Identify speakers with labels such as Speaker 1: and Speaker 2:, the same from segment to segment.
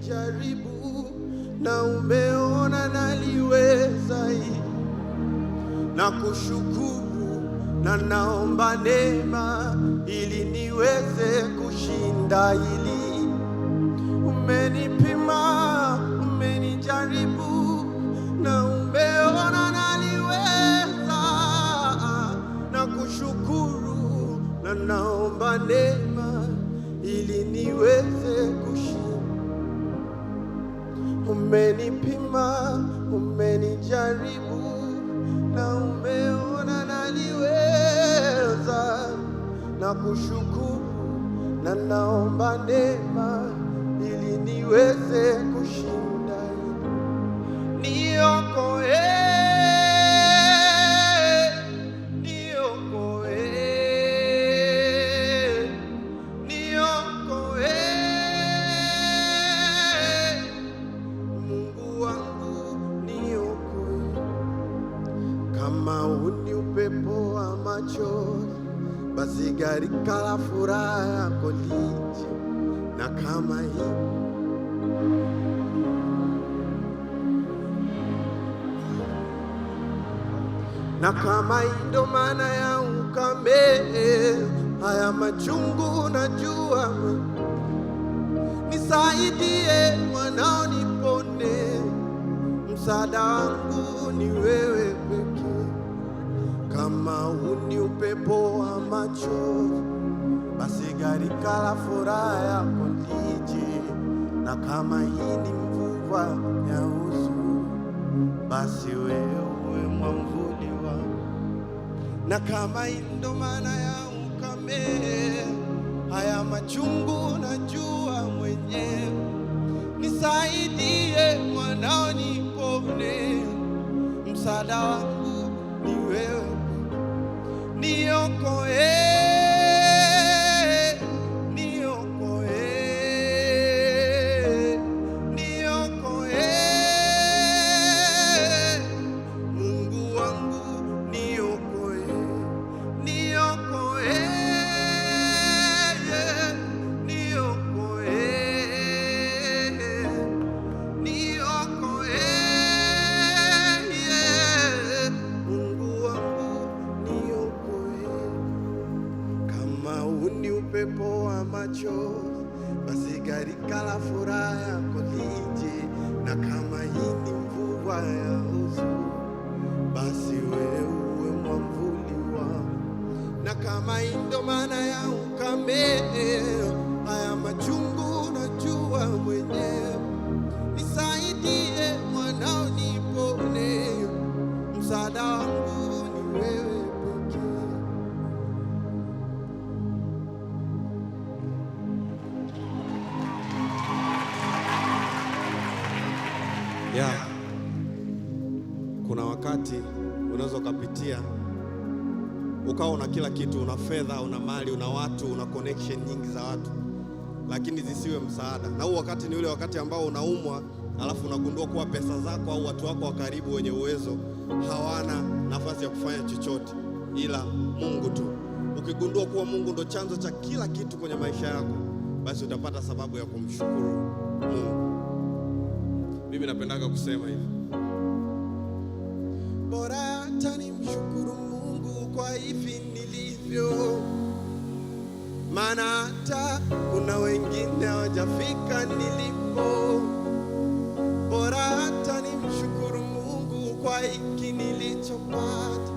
Speaker 1: nimejaribu na umeona naliweza hii na kushukuru na naomba neema ili niweze kushinda hili umenipima karibu na umeona naliweza na kushukuru na naomba neema ili niweze kushinda niokoe Kama uni upepo wa machozi, basi gharika la furaha yako lije. Na kama hii na kama hii ndo maana ya ukame, haya machungu najua, nisaidie mwanao, nipone, msaada wangu ni wewe ni upepo wa macho basi gharika la furaha yako lije, na kama hii ni mvua ya huzuni, basi wewe mwamvuli wa, na kama hii ndo maana ya ukame, haya machungu na jua mwenyewe, nisaidie mwanao, nipone msaada wangu ni wewe 海を越え upepo wa machozi, basi gharika la furaha yako lije, na kama hii ni mvua ya huzuni, basi wewe uwe mwamvuli wangu, na kama hii ndo maana ya ukame
Speaker 2: wakati unaweza ukapitia ukawa una kila kitu, una fedha, una mali, una watu, una connection nyingi za watu, lakini zisiwe msaada. Na huo wakati ni ule wakati ambao unaumwa, alafu unagundua kuwa pesa zako au watu wako wa karibu wenye uwezo hawana nafasi ya kufanya chochote ila Mungu tu. Ukigundua kuwa Mungu ndo chanzo cha kila kitu kwenye maisha yako, basi utapata sababu ya kumshukuru Mungu. Mimi napendaga kusema hivi
Speaker 1: bora hata mshukuru Mungu kwa hivi nilivyo, maana hata kuna wengine hawajafika nilipo. Bora hata ni mshukuru Mungu kwa hiki nilichopata,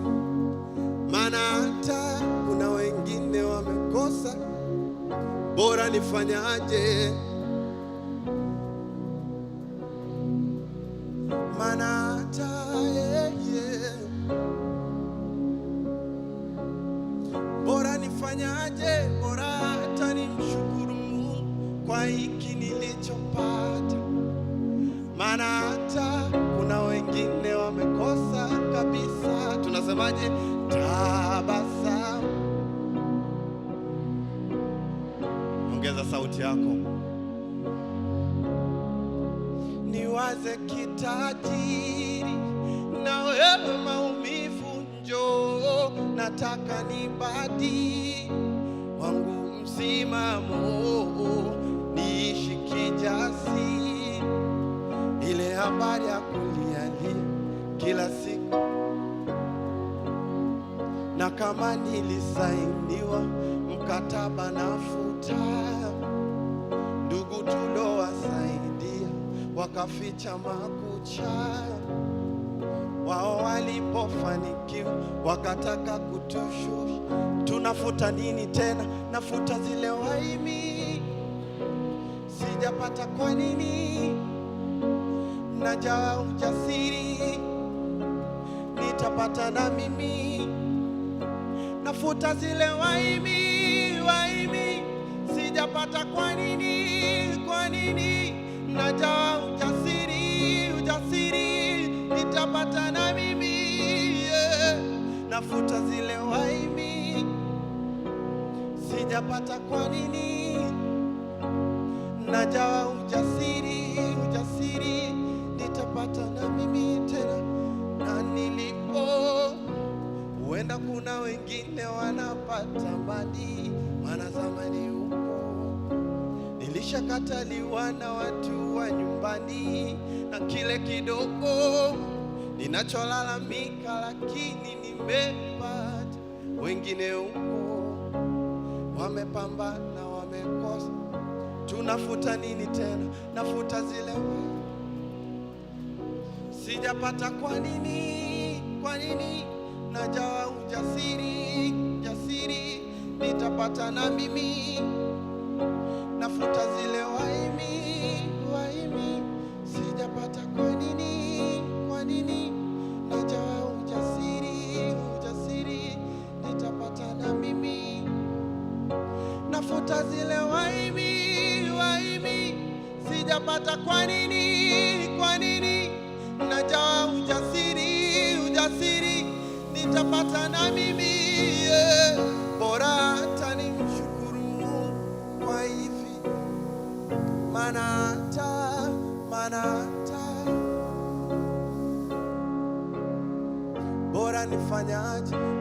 Speaker 1: maana hata kuna wengine wamekosa. Bora nifanyaje? nitafanyaje? Bora hata nimshukuru Mungu kwa hiki nilichopata, maana hata kuna wengine wamekosa kabisa. Tunasemaje? Tabasamu. Ongeza sauti yako, niwaze kitajiri na wewe maumivu njoo ni nibadi wangu msimamo, niishi kijasi ile habari ya kulialia kila siku, na kama nilisainiwa mkataba nafuta, ndugu tulowasaidia wakaficha makucha wao walipofanikiwa wakataka kutushusha. Tunafuta nini tena? Nafuta zile waimi sijapata. Kwa nini najaa ujasiri nitapata na mimi? Nafuta zile waimi waimi sijapata. Kwa nini kwa nini najaa utanipata na mimi yeah. Nafuta zile waimi sijapata, kwa nini najawa ujasiri, ujasiri nitapata na mimi tena na nilipo huenda, kuna wengine wanapata mbadi, maana zamani huko nilishakataliwa na watu wa nyumbani na kile kidogo ninacholalamika, lakini nimepata. Wengine huko wamepambana, wamekosa. Tunafuta nini tena? Nafuta zile sijapata. Kwa nini? Kwa nini? Najawa ujasiri, jasiri nitapata na mimi, nafuta zile hata zile waibi waibi sijapata. Kwa nini? Kwa nini? Najawa ujasiri, ujasiri nitapata na mimi yeah. Bora hata mshukuru kwa hivi, manata manata, bora nifanyaje